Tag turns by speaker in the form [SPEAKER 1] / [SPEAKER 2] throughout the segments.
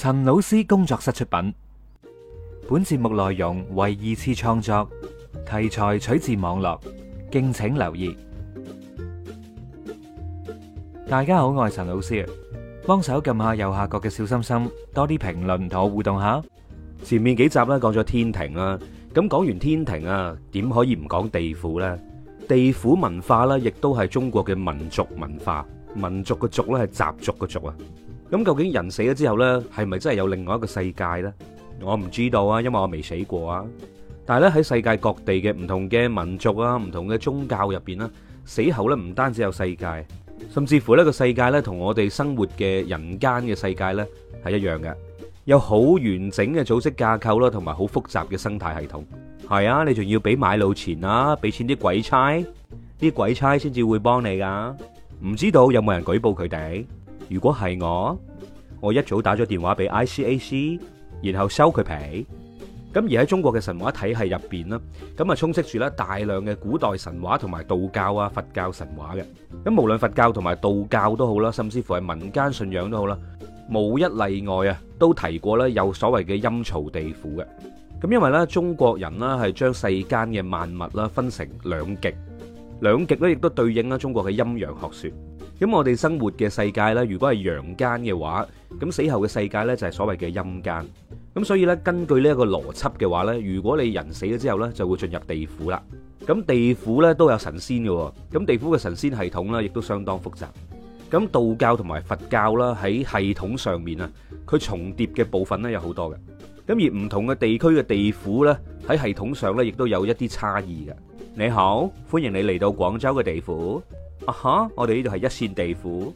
[SPEAKER 1] 陳老師工作室出品，本節目內容為二次創作，題材取自網絡，敬請留意。大家好，我係陳老師，幫手撳下右下角嘅小心心，多啲評論同我互動下。前面幾集啦，講咗天庭啦，咁講完天庭啊，點可以唔講地府呢？地府文化啦，亦都係中國嘅民族文化，民族嘅族咧係習俗嘅族啊。咁究竟人死咗之後咧，係咪真係有另外一個世界咧？我唔知道啊，因為我未死過啊。但係咧，喺世界各地嘅唔同嘅民族啊，唔同嘅宗教入邊咧，死後咧唔單止有世界，甚至乎呢個世界咧同我哋生活嘅人間嘅世界咧係一樣嘅，有好完整嘅組織架構咯，同埋好複雜嘅生態系統。係啊，你仲要俾買路錢啊，俾錢啲鬼差，啲鬼差先至會幫你噶。唔知道有冇人舉報佢哋？如果係我，我一早打咗電話俾 ICAC，然後收佢皮。咁而喺中國嘅神話體系入邊咧，咁啊充斥住咧大量嘅古代神話同埋道教啊佛教神話嘅。咁無論佛教同埋道教都好啦，甚至乎係民間信仰都好啦，冇一例外啊，都提過咧有所謂嘅陰曹地府嘅。咁因為咧中國人啦係將世間嘅萬物啦分成兩極，兩極咧亦都對應啦中國嘅陰陽學說。咁我哋生活嘅世界呢，如果係陽間嘅話，咁死後嘅世界呢，就係所謂嘅陰間。咁所以呢，根據呢一個邏輯嘅話呢，如果你人死咗之後呢，就會進入地府啦。咁地府呢，都有神仙嘅，咁地府嘅神仙系統呢，亦都相當複雜。咁道教同埋佛教啦，喺系統上面啊，佢重疊嘅部分呢，有好多嘅。咁而唔同嘅地區嘅地府呢，喺系統上呢，亦都有一啲差異嘅。你好，歡迎你嚟到廣州嘅地府。啊哈！Uh-huh, 我哋呢度係一線地府。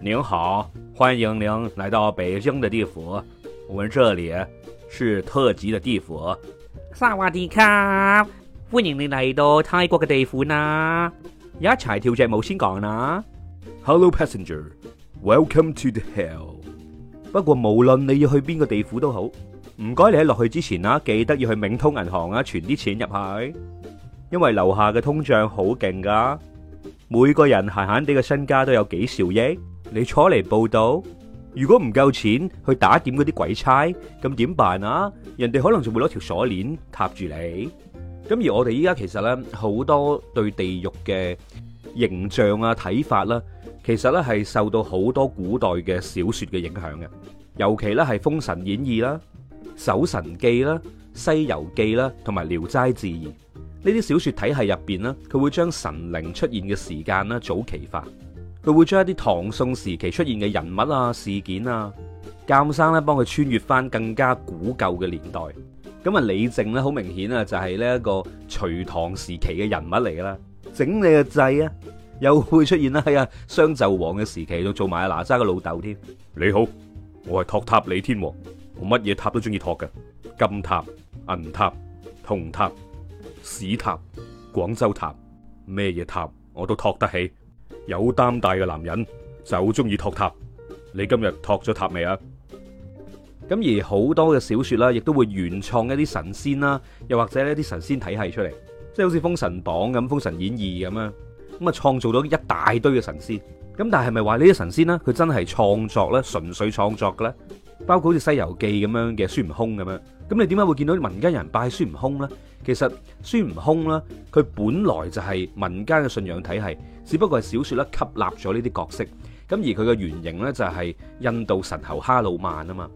[SPEAKER 1] 您好，歡迎您來到北京的地府。我們這裏是特級的地府。薩瓦迪卡，歡迎你嚟到泰國嘅地府啦！一齊跳隻舞先講啦。Hello passenger, welcome to the hell。不過無論你要去邊個地府都好，唔該你喺落去之前啊，記得要去冥通銀行啊存啲錢入去，因為樓下嘅通脹好勁噶。每個人閒閒地嘅身家都有幾兆億，你坐嚟報道，如果唔夠錢去打點嗰啲鬼差，咁點辦啊？人哋可能就會攞條鎖鏈搭住你。咁而我哋依家其實呢，好多對地獄嘅形象啊、睇法啦，其實呢係受到好多古代嘅小說嘅影響嘅，尤其呢係《封神演義》啦、《搜神記》啦、《西遊記》啦，同埋《聊齋誌異》。呢啲小説體系入面，佢會將神靈出現嘅時間早期化，佢會將一啲唐宋時期出現嘅人物啊，事件啊，鑑生咧幫佢穿越翻更加古舊嘅年代。咁啊，李靖咧好明顯啊，就係呢一個隋唐時期嘅人物嚟噶啦。整你個制啊，又會出現啦喺啊商紂王嘅時期，都做埋喇、啊，哪吒嘅老豆添。你好，我係托塔李天王，我乜嘢塔都中意托嘅，金塔、銀塔、銅塔。史塔、廣州塔咩嘢塔我都托得起，有擔大嘅男人就好中意托塔。你今日托咗塔未啊？咁而好多嘅小說啦，亦都會原創一啲神仙啦，又或者一啲神仙體系出嚟，即係好似《封神榜》咁，《封神演義》咁啊，咁啊創造咗一大堆嘅神仙。咁但係咪話呢啲神仙啦，佢真係創作咧，純粹創作嘅咧？包括好似《西遊記》咁樣嘅孫悟空咁樣，咁你點解會見到民間人拜孫悟空呢？其實孫悟空呢，佢本來就係民間嘅信仰體系，只不過係小說咧吸納咗呢啲角色。咁而佢嘅原型呢，就係印度神猴哈魯曼啊嘛。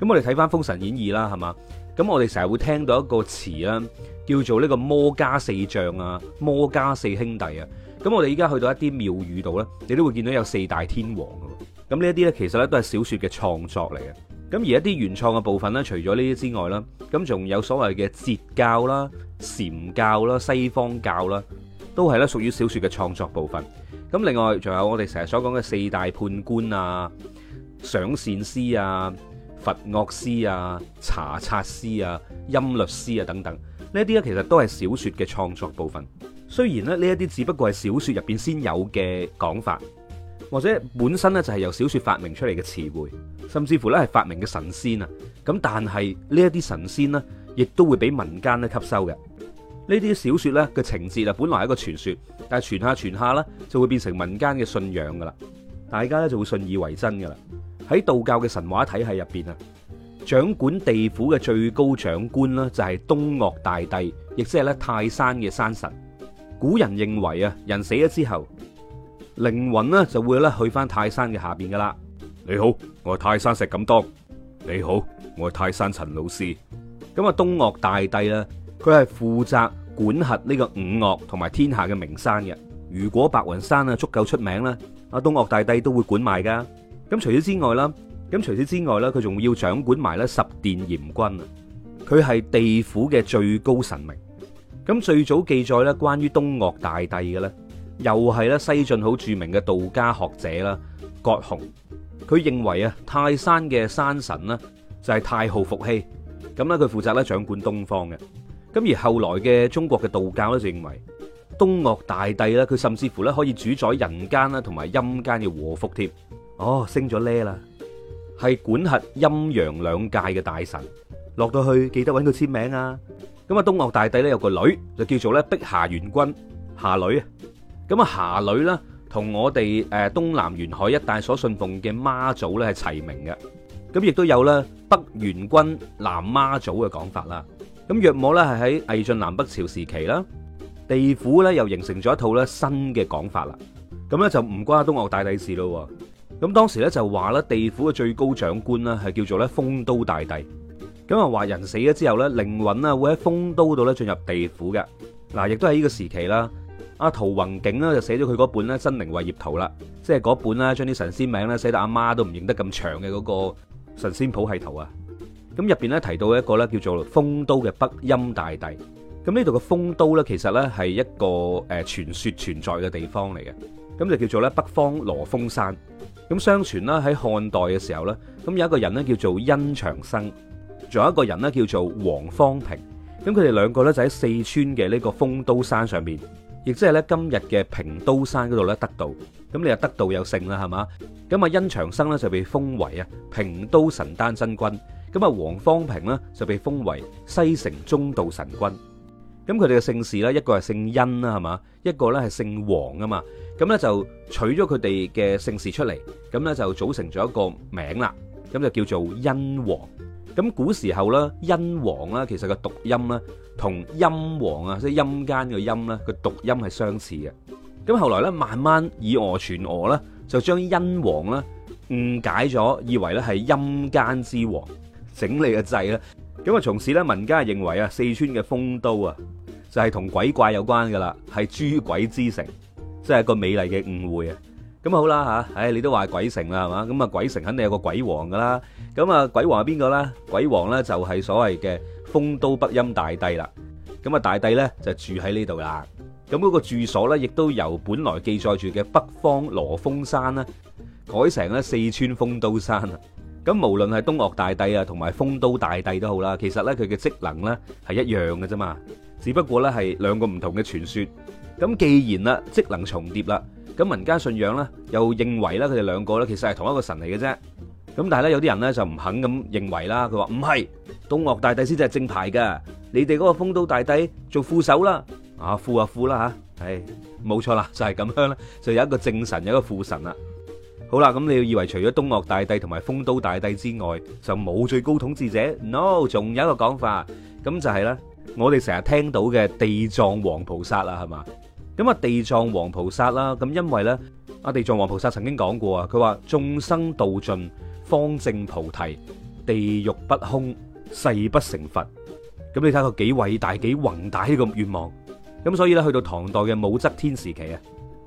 [SPEAKER 1] 咁我哋睇返《封神演義》啦，係嘛？咁我哋成日會聽到一個詞啦，叫做呢個魔家四將啊，魔家四兄弟啊。咁我哋而家去到一啲廟宇度呢，你都會見到有四大天王噶咁呢一啲呢，其實呢都係小説嘅創作嚟嘅。咁而一啲原創嘅部分呢，除咗呢啲之外啦，咁仲有所謂嘅截教啦、闡教啦、西方教啦，都係屬於小説嘅創作部分。咁另外仲有我哋成日所講嘅四大判官啊、賞善司啊、罰惡司啊、查察司啊、陰律司啊等等，呢啲呢，其實都係小説嘅創作部分。雖然呢，呢一啲只不過係小説入邊先有嘅講法。或者本身咧就係由小説發明出嚟嘅詞彙，甚至乎咧係發明嘅神仙啊！咁但係呢一啲神仙呢，亦都會畀民間咧吸收嘅。呢啲小説咧嘅情節啊，本來係一個傳説，但係傳下傳下咧就會變成民間嘅信仰㗎喇，大家咧就會信以為真㗎喇。喺道教嘅神話體系入邊啊，掌管地府嘅最高長官啦，就係東岳大帝，亦即係咧泰山嘅山神。古人認為啊，人死咗之後，靈魂呢就會咧去返泰山嘅下邊噶啦。你好，我係泰山石敢當。你好，我係泰山陳老師。咁啊，東嶽大帝啦，佢係負責管轄呢個五嶽同埋天下嘅名山嘅。如果白雲山啊足夠出名啦，阿東嶽大帝都會管埋噶。咁除此之外啦，咁除此之外啦，佢仲要掌管埋咧十殿閻君啊。佢係地府嘅最高神明。咁最早記載咧關於東嶽大帝嘅咧。又係咧，西晉好著名嘅道家學者啦，葛洪。佢認為啊，泰山嘅山神咧就係太昊伏羲咁啦。佢負責咧掌管東方嘅。咁而後來嘅中國嘅道教咧就認為東岳大帝咧，佢甚至乎咧可以主宰人間啦，同埋陰間嘅禍福。添哦，升咗呢啦，係管轄陰陽兩界嘅大神。落到去記得搵佢簽名啊！咁啊，東岳大帝咧有個女就叫做咧碧霞元君，霞女啊。咁啊，霞女啦，同我哋誒東南沿海一帶所信奉嘅媽祖咧係齊名嘅。咁亦都有咧北元君、南媽祖嘅講法啦。咁若無咧係喺魏晉南北朝時期啦，地府咧又形成咗一套咧新嘅講法啦。咁咧就唔關東岳大帝事咯。咁當時咧就話咧地府嘅最高長官咧係叫做咧酆都大帝。咁啊話人死咗之後咧靈魂啊會喺酆都度咧進入地府嘅。嗱，亦都係呢個時期啦。阿陶宏景啦，就寫咗佢嗰本咧《真靈位業圖》啦，即係嗰本啦，將啲神仙名咧寫到阿媽都唔認得咁長嘅嗰個神仙譜系圖啊。咁入邊咧提到一個咧叫做酆都嘅北陰大帝。咁呢度嘅酆都咧，其實咧係一個誒、呃、傳說存在嘅地方嚟嘅。咁就叫做咧北方羅酆山。咁相傳啦，喺漢代嘅時候咧，咁有一個人咧叫做殷長生，仲有一個人咧叫做黃方平。咁佢哋兩個咧就喺四川嘅呢個酆都山上邊。亦即係咧，今日嘅平都山嗰度咧得道咁，你又得道有姓啦，係嘛咁啊？殷長生咧就被封為啊平都神丹真君，咁啊王方平咧就被封為西城中道神君。咁佢哋嘅姓氏咧，一個係姓殷啦，係嘛，一個咧係姓王啊嘛。咁咧就取咗佢哋嘅姓氏出嚟，咁咧就組成咗一個名啦，咁就叫做殷王。咁古時候咧，陰王咧，其實個讀音咧，同陰王啊，即陰間個陰咧，個讀音係相似嘅。咁後來咧，慢慢以訛傳訛咧，就將陰王咧誤解咗，以為咧係陰間之王，整理嘅制啦。咁啊，從此咧，民間係認為啊，四川嘅酆都啊，就係同鬼怪有關噶啦，係諸鬼之城，即係一個美麗嘅誤會啊！咁啊好啦嚇，唉你都話鬼城啦係嘛？咁啊鬼城肯定有個鬼王噶啦。咁啊鬼王係邊個呢？鬼王咧就係所謂嘅酆都北陰大帝啦。咁啊大帝咧就住喺呢度啦。咁嗰個住所咧亦都由本來記載住嘅北方羅峰山咧改成咧四川酆都山啊。咁無論係東岳大帝啊同埋酆都大帝都好啦，其實咧佢嘅職能咧係一樣嘅啫嘛。只不過咧係兩個唔同嘅傳說。咁既然啦職能重疊啦。咁民間信仰咧又認為咧佢哋兩個咧其實係同一個神嚟嘅啫。咁但係咧有啲人咧就唔肯咁認為啦。佢話唔係東岳大帝先至係正牌嘅，你哋嗰個酆都大帝做副手啦。啊，副啊副啦嚇，唉，冇錯啦，就係咁樣啦，就有一個正神，有一個副神啦。好啦，咁你要以為除咗東岳大帝同埋酆都大帝之外，就冇最高統治者？No，仲有一個講法，咁就係咧，我哋成日聽到嘅地藏王菩薩啦，係嘛？咁啊，地藏王菩薩啦，咁因為咧，阿地藏王菩薩曾經講過啊，佢話眾生道盡方證菩提，地獄不空，誓不成佛。咁你睇佢幾偉大，幾宏大呢個願望。咁所以咧，去到唐代嘅武則天時期啊，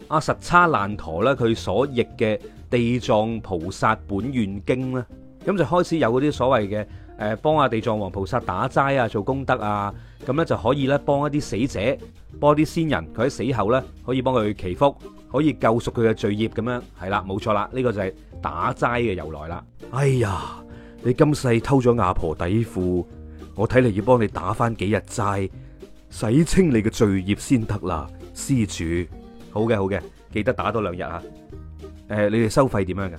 [SPEAKER 1] 阿實叉難陀咧，佢所譯嘅《地藏菩薩本願經》咧，咁就開始有嗰啲所謂嘅。誒，幫阿地藏王菩薩打齋啊，做功德啊，咁咧就可以咧幫一啲死者，幫一啲先人，佢喺死後咧可以幫佢祈福，可以救贖佢嘅罪孽，咁樣係啦，冇錯啦，呢、這個就係打齋嘅由來啦。哎呀，你今世偷咗阿婆底褲，我睇嚟要幫你打翻幾日齋，洗清你嘅罪孽先得啦，施主。好嘅，好嘅，記得打多兩日啊。誒、呃，你哋收費點樣噶？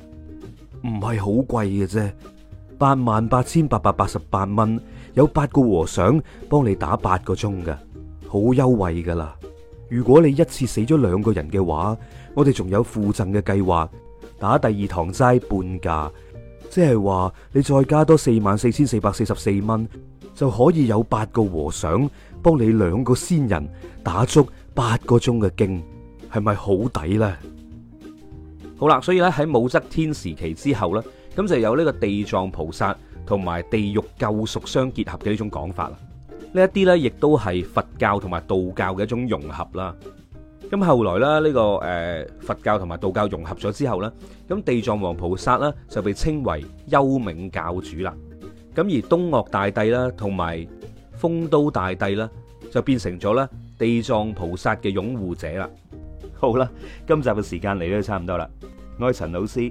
[SPEAKER 1] 唔係好貴嘅啫。八萬八千八百八十八蚊，有八個和尚幫你打八個鐘噶，好優惠噶啦！如果你一次死咗兩個人嘅話，我哋仲有附贈嘅計劃，打第二堂齋半價，即係話你再加多四萬四千四百四十四蚊，就可以有八個和尚幫你兩個先人打足八個鐘嘅經，係咪好抵呢？好啦，所以咧喺武則天時期之後咧。咁就有呢個地藏菩薩同埋地獄救贖相結合嘅呢種講法啦。呢一啲咧，亦都係佛教同埋道教嘅一種融合啦。咁後來咧，呢個誒佛教同埋道教融合咗之後咧，咁地藏王菩薩啦就被稱為幽冥教主啦。咁而東岳大帝啦，同埋酆都大帝啦，就變成咗咧地藏菩薩嘅擁護者啦。好啦，今集嘅時間嚟到差唔多啦。我係陳老師。